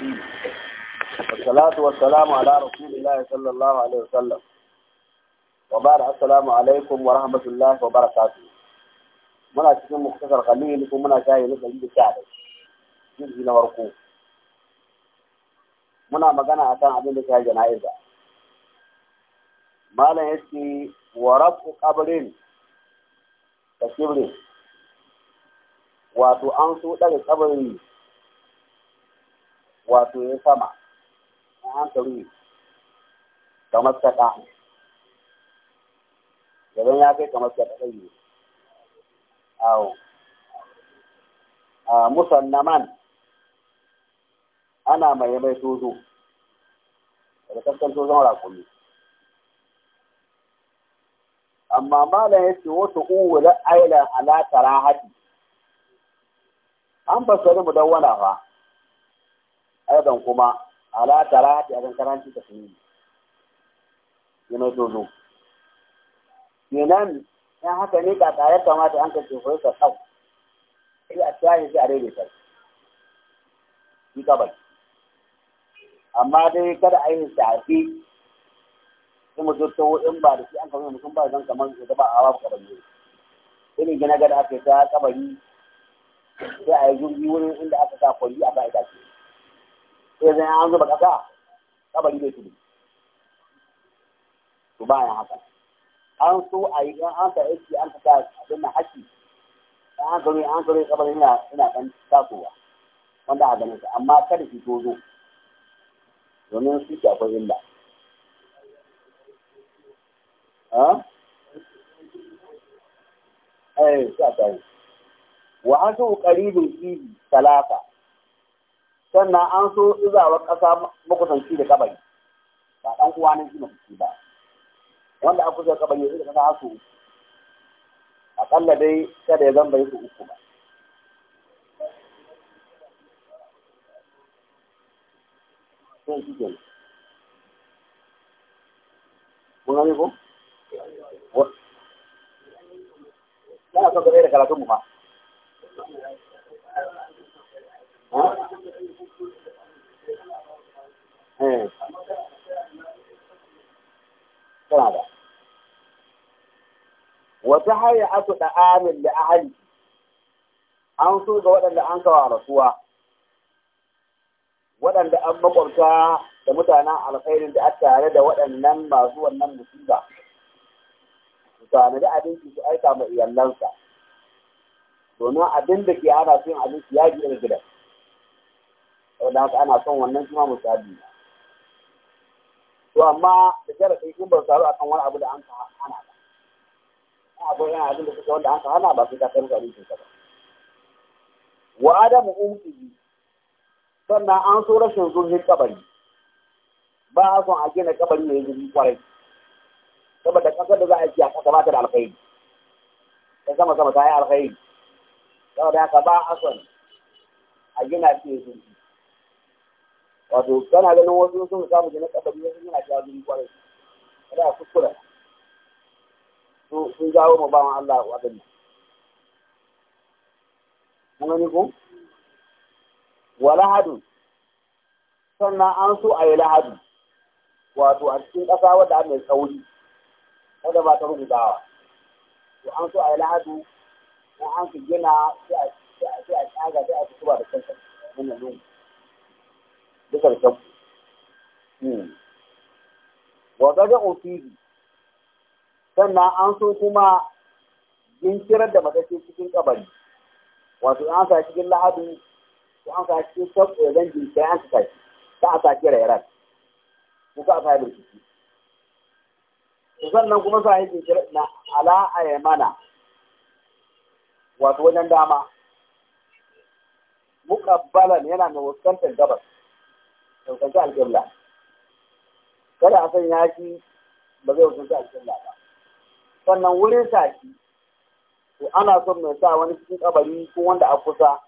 والصلاة والسلام على رسول الله صلى الله عليه وسلم وبعد السلام عليكم ورحمة الله وبركاته Muna cikin muktasar qalil kuma muna shayi ne kalli da jiji na warko muna magana akan abin da ya jana'iza malam ce wa rafu qabrin da kibrin wato an so daga kabarin wato ya sama a hankali kamar saɗa gaban ya kai kamar saɗa ɗai ne awo a musannaman ana mai mai tozo daga kaskan tozon rakuni amma malam ya ce wata da ailan ala haɗi. an fassari mu don wana fa aidan kuma ala karati akan karanci ta sunni yana dozo kenan Yan haka ne ka tare kamata an ka ce ta sau sai a tsaya sai a daidaita Yi ka bai amma dai kada a yi shafi sai mu ta in ba da shi an kamar mutum ba zan kamar su ba a ka kabari irin gina gada aka ta kabari sai a yi jirgi wurin inda aka sa kwalli a ba itace sai zai an zuba kasa kabari bai tudu to bayan haka an so a yi an ka aiki an ka sa abin na haki an ka an ka kabarin ina ina dan takowa wanda a ganin amma kada ki tozo domin su ke akwai illa eh sa ta yi wa hasu qaribin fi talata sannan an so izawa ƙasa makusanci da kabari ba ɗan uwa na jima kuci ba wanda aka kusa kabari ya ƙasa hasu aƙalla dai kada ya zamba su uku ba sai shi ke mun gani ko yana son ka da karatun mu ma Eh. wata haya aku da amin da ahali an so ga waɗanda an a rasuwa waɗanda an makwabta da mutanen alkhairin da tare da waɗannan masu wannan musulba, su da abinci su aika ma iyalansa domin abin da ke ana son abinci ya ji gidan wadda haka ana son wannan kuma musabi to amma da sun in ba saru akan wani abu da an ka hana ba a abu yana abin da suka wanda an ka hana ba sai ka san gari ba wa adamu umti sannan an so rashin zurfin kabari ba a son a gina kabari mai zurfi kwarai saboda kasar da za a yi a kasa ba ta da alkhairi ta sama sama ta yi alkhairi saboda haka ba a son a gina ce zurfi wato kana ganin wasu sun samu da na kasa biyu sun yana jawo jini kwarai kada a kuskura sun jawo ma bawan Allah wa gani mun gani ko wala hadu sannan an so a yi lahadu wato a cikin ƙasa wadda an mai tsauri kada ba ta rubutawa to an so a yi lahadu in an ka gina sai a tsaga sai a kusurwa da kansa wannan lungu bisa da kyau hmm. wa gaga ofidi sannan an so kuma jinkirar da matashi cikin kabari wato an sa cikin lahadin, ko an sa cikin sabko ya zan jinkirai an sa shi ta a sa kira yaran ko ka sa bil ciki sannan kuma sa yi kira na ala aymana wato wajen dama muqabbalan yana mai fuskantar gabas fuskanci alƙibla kada a san yaki ba zai fuskanci alƙibla ba sannan wurin saki shi to ana son mai sa wani cikin kabari ko wanda a kusa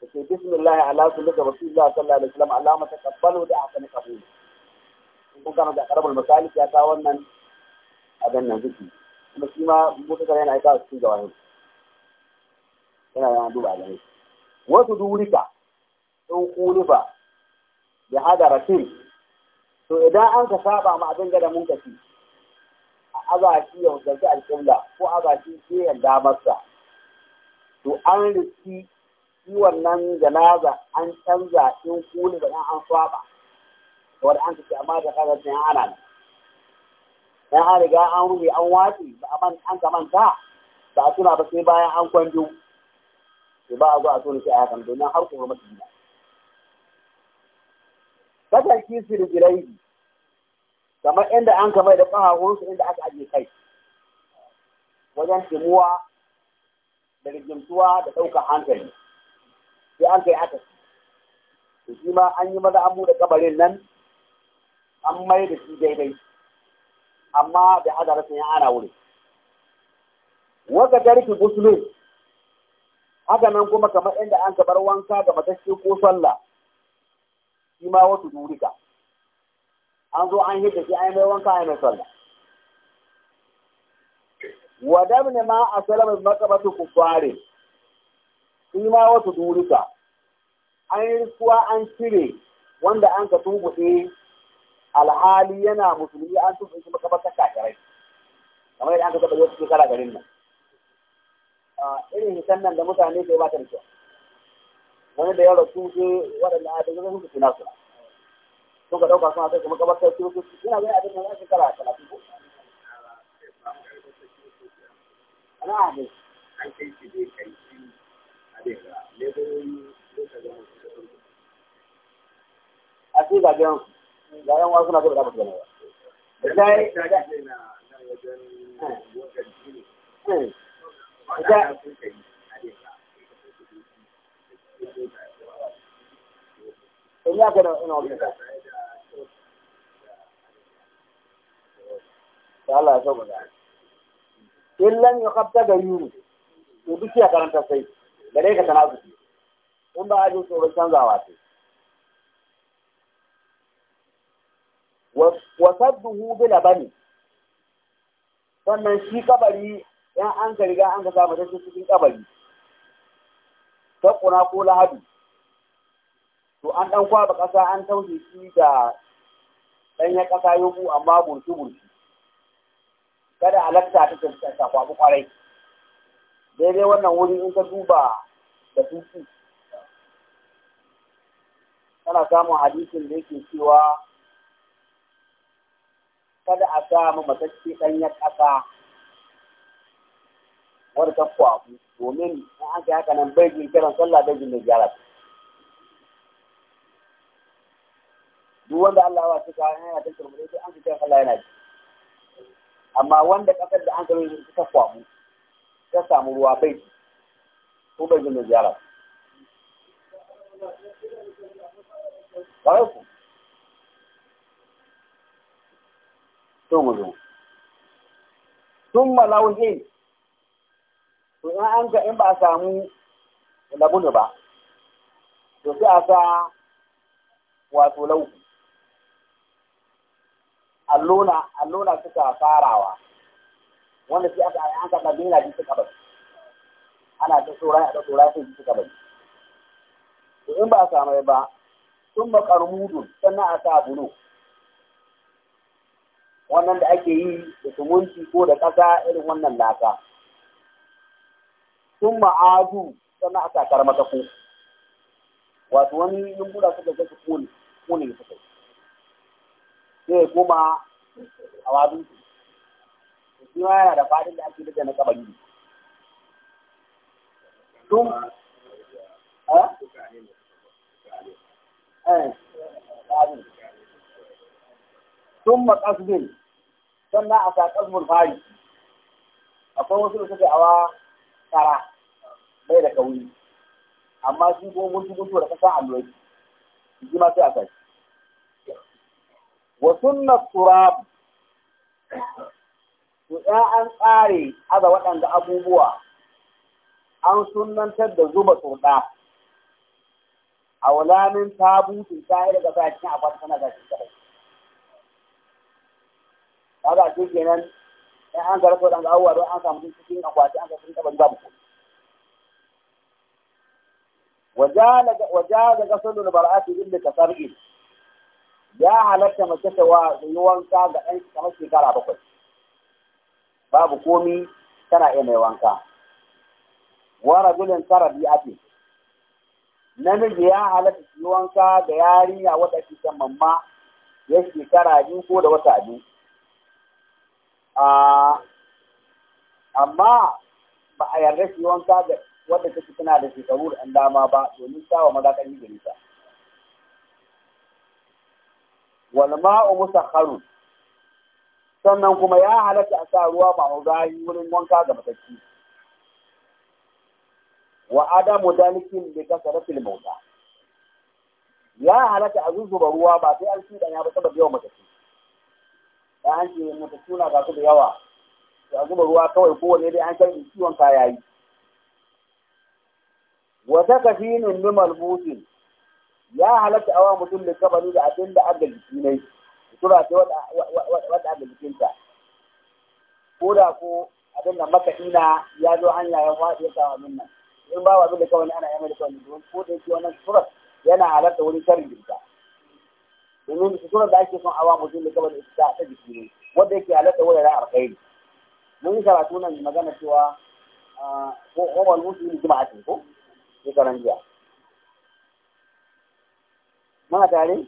da ke bismillah ala kullu da rasulullah sallallahu alaihi wasallam alama taqabbalu da na kabul kun kana da karabul misali ya ta wannan abin nan ziki kuma shi ma mutu kare yana aika su ga wani yana yana duba gare wasu durika sun ba. da hada to idan an ka saba ma abin gada mun kafi a shi ya hukunci alƙibla ko shi ke yarda masa to an riki shi wannan janaza an canza in kuli da an saba to da an kace amma da kaga sai ana ne dan an riga an rufe an wace ba aman an kamanta ba a tuna ba sai bayan an kwanjo ba a zo a tuna shi a yakan domin har kuma masu gida kasar kisi rijilaihi kamar inda an kamar da ƙahahunsu inda aka ajiye kai wajen timuwa da rigimtuwa da ɗaukar hankali sai an kai aka to shi ma an yi maza an buɗe kabarin nan an mai da shi daidai amma da hada rasa ya ana wuri waka garki gusulun haka nan kuma kamar inda an kabar wanka ga matashi ko sallah shi ma wasu durika an zo an hidda shi ainihin wanka ainihin sallah wadam ne ma a salamin makabatu kufarin shi ma wasu durika an yi suwa an cire wanda an ka tunguɗe alhali yana musulmi an tunguɗe shi makabatar kakarai kamar yadda an ka taɓa yau cikin kala garin nan ah, irin hisan nan da mutane ke ba ta da kyau wani da ya rasu sai waɗanda a daga suna suna ɗauka suna sai kuma su su suna abin da ko ana an kai shi zai kai shi a daga lebarori zai ka su a ce ga ga yan wasu na gaba da mutum ba da ya yi yi na wajen eh. eh. wajen jini da Ini aku nak nak nak. Allah ya sauka. Illan ya kabta da yuru. To duk ya karanta sai. Gare ka tana zuci. In ba ajin tsoron canzawa sai. Wasadduhu bila bani. Sannan shi kabari yan an ka riga an ka samu da cikin kabari. sakuna ko lahadi to an ɗan kwaba ƙasa an taushe shi da ɗanyen ƙasa yoku amma burki burki kada a ta ta kwabu kwarai daidai wannan wuri in ka duba da tuki tana samun hadisin da yake cewa kada a sa matacce ɗanyen ƙasa wani ta kwafu domin na haka haka nan bai jin kiran sallah bai jin gyara duk wanda Allah wa cika yana ta turmure sai an cika sallah yana ji amma wanda kasar da an kare shi ta kwafu ta samu ruwa bai ko bai jin gyara Kawai ku. To mu zo. tun Sun malauhin to in an ga in ba a samu labuni ba to sai a sa wato lau allona allona suka farawa wanda sai aka an ka labina ji suka bari ana ta tsoron a ta tsoron sai ji suka bari to in ba a samu ba sun makarmudun sannan a sa bulo wannan da ake yi da sumunci ko da ƙasa irin wannan laka sun ma'adu sannan aka kar maka ko wato wani yumbura suka ga kone kone ne suka sai kuma a wadun su shi ma yana da fadin da ake daga na kabari sun eh? Eh, sun maƙasbin sannan a sa ƙasbin fari akwai wasu da suka awa kara bai da kauri amma shi ko guntu gudu da kasan alwai shi ma sai a sai wa sunna turab to ya an tsare aza waɗanda abubuwa an sunnantar da zuba turɗa a wulanin tabutin ta yi daga cikin akwai tana gashi kadai kaga a kenan in an gara sauran ga abubuwa don an samu cikin akwati an samu taɓa babu ko wajaza ga sunan bar'ati inda ka sarki ya halatta mace ta wa yi wanka ga ɗan kamar shekara bakwai babu komi tana iya mai wanka wa rajulin sarabi ake namiji ya halatta shi wanka ga yarinya wata ke mamma ya shekara biyu ko da wata biyu Ah, amma ba a yarda shi wanka da wadda take tana da shekaru da ɗan dama ba domin sa wa maza ƙarfi da nisa wal ma'u musakharu sannan kuma ya halatta a sa ruwa ba uzahi wurin wanka ga matacci wa adamu dalikin bi kasaratil mauta ya halatta a zuzuba ruwa ba sai an shi ya ba saboda yawan matacci da an ce mata suna ga su da yawa to a zuba ruwa kawai kowane dai an san ciwon kaya yi wata kafinin ni malbusin ya halatta awa mutum da kabari da abin da aka jiki ne tura ce wata aka jikinta ko da ko abin da maka ina ya zo hanya ya faɗi ya samu abin nan in ba wa zuba kawai ana yamma da kawai ko da yake wannan surat yana halatta wani sharri jinta domin suna da ake son awa mutum da gabar ita ta jiki ne wanda yake halatta wani ra'ar kai mun yi karatu nan magana cewa ko umar musu yi jima'a ce ko ya karan jiya muna tare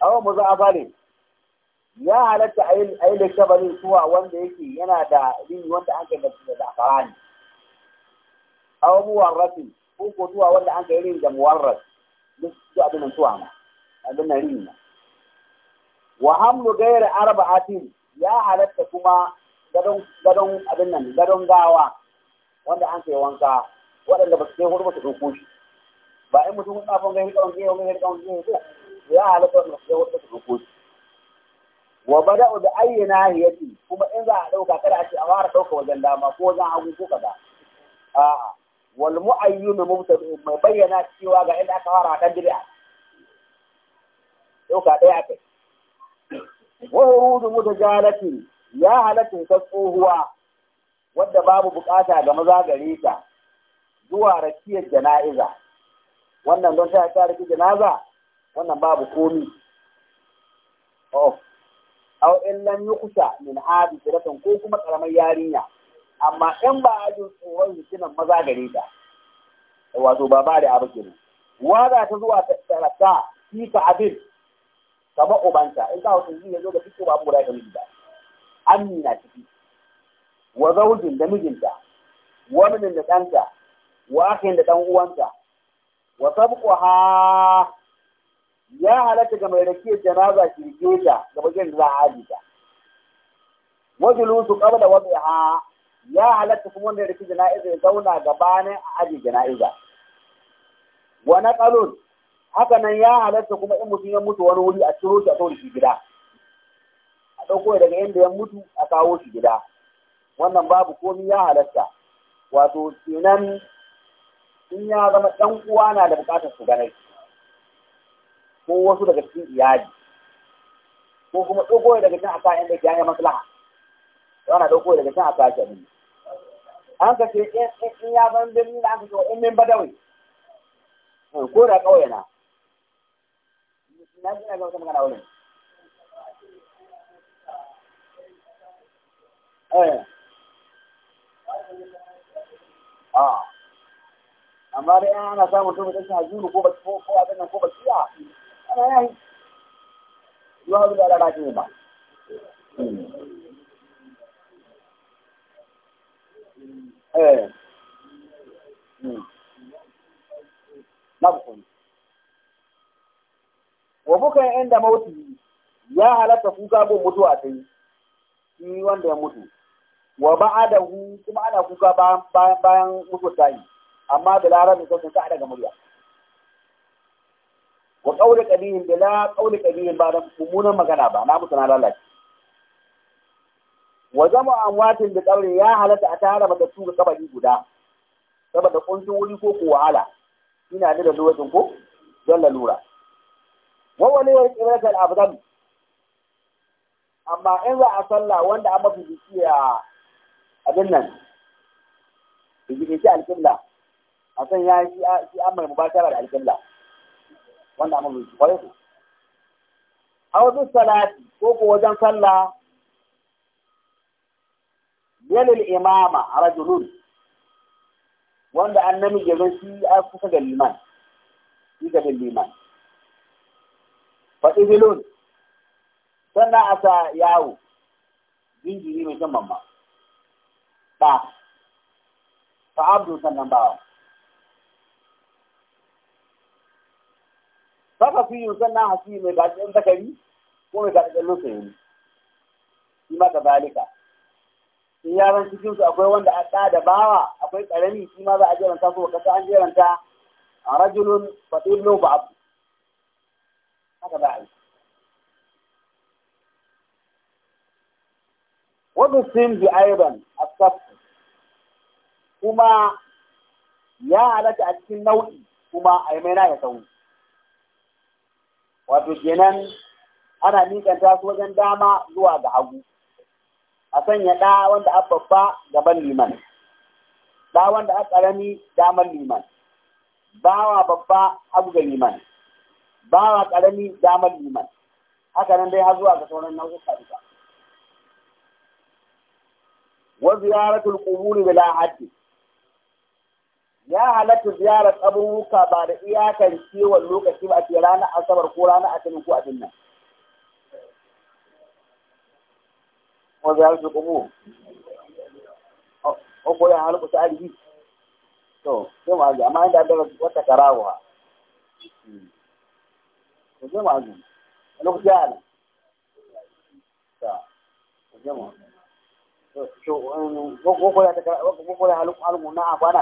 awa mu za a ya halatta a yi lakabarin suwa wanda yake yana da rini wanda an kai da zafara ne awa muwarrafi ko ko zuwa wanda an kai rini da muwarras duk abin suwa ma abin nan rina wa hamlu gairi arba'atin ya halatta kuma gadon abin nan gadon gawa wanda an kai wanka waɗanda ba su kai hudu ba su ɗauko shi ba in mutum tsafon gani kawai gani wani kawai gani ko ya halatta waɗanda ba su kai hudu ba su ɗauko shi wa bada'u da ayyana hiyati kuma in za a ɗauka kada a ce a fara ɗauka wajen dama ko wajen hagu ko kaza a'a wal mu'ayyinu mubtadi mai bayyana cewa ga inda aka fara kan bid'a ɗauka ɗaya a kai. Wahurudu mutu jalati ya halattun ta tsohuwa wadda babu bukata ga maza gare ta zuwa rakiyar jana'iza. Wannan don ta ta raki jana'iza wannan babu komi. Oh. Au in lam kusa min hadi siratan ko kuma karamar yarinya. Amma in ba a jin tsoron jikinan maza gare ta. Wato ba ba da abu kenan. Waza ta zuwa ta tsarata, fika abin, kamar ubanta in ka hausa ya zo ga fito ba abu guda da miji ba amni na ciki wa zaujin da mijinta wa mijin da ɗanta wa akhin da ɗan uwanta wa ha, ya halatta ga mai rake janaza kirke ta ga bakin da za a haji ta wa julusu qabla wad'iha ya halatta kuma wanda rake jana'iza ya zauna gabanin a ajiyar jana'iza wa naqalun haka nan ya halatta kuma in mutum ya mutu wani wuri a ciro shi a kawo shi gida a ɗauko daga inda ya mutu a kawo shi gida wannan babu komi ya halatta wato kenan in ya zama ɗan uwa na da buƙatar su ganai ko wasu daga cikin iyali ko kuma ɗauko daga cikin aka inda ya yi maslaha ana ɗauko daga cikin aka shi ne an ka in ya zama birni da an ka wa in min badawi eh, ko da ƙauye na na ya na ga wata magana wurin eh. a ah. amma samun ko ba ko da juzuran inda mauti ya halatta kuka ko mutuwa ta yi wanda ya mutu wa da hu kuma ana kuka bayan mutu ta yi amma da larabin sautin ka daga murya wa ƙaunar ƙabihin da na ƙaunar ƙabihin ba da mummunan magana ba na mutu na lalace wa zama amwatin da kaure ya halatta a tara mata tuga kabari guda saboda ƙunshin wuri ko ko wahala ina da da ko don lalura wawalewar ƙirar al'abdam amma in za a salla wanda an mafi jiki a abin nan jiki alƙibla a san ya yi shi an mai mubashara da alƙibla wanda an mafi jiki kwarai su a wasu salati ko ko wajen salla yalil imama a rajulun wanda an namiji zai shi a kusa da liman shi gaban liman Faɗi bilon sannan a sa yawo jinjiri mai shan mamma ba fa abdu sannan bawa saka fi yin sannan hasi mai bakin zakari ko mai bakin lusayin shi ma ka balika in yaran cikin su akwai wanda a ɗa da bawa akwai ƙarami shi ma za a jeranta ko kasa an jeranta a rajulun faɗin ba abu haka za a yi wadda sin bi ayyuban a kuma ya halatta a cikin nau'i kuma a yi ya sau wato kenan ana miƙanta su wajen dama zuwa ga hagu a sanya ɗa wanda a babba gaban liman ɗa wanda a ƙarami damar liman bawa babba abu ga liman ba wa karami damar liman haka nan dai har zuwa ga sauran nau'uka duka wa ziyaratul qubur bila haddi ya halatta ziyarar abubuwa ba da iyakar kewan lokaci ba ce ranar asabar ko ranar asabar ko abin nan wa ziyaratul qubur o ko ya halu ta to sai mu amma inda da wata karawa hmm. jama'a azumi a lokacin ana ta jama'a ko ko ya ta ko ko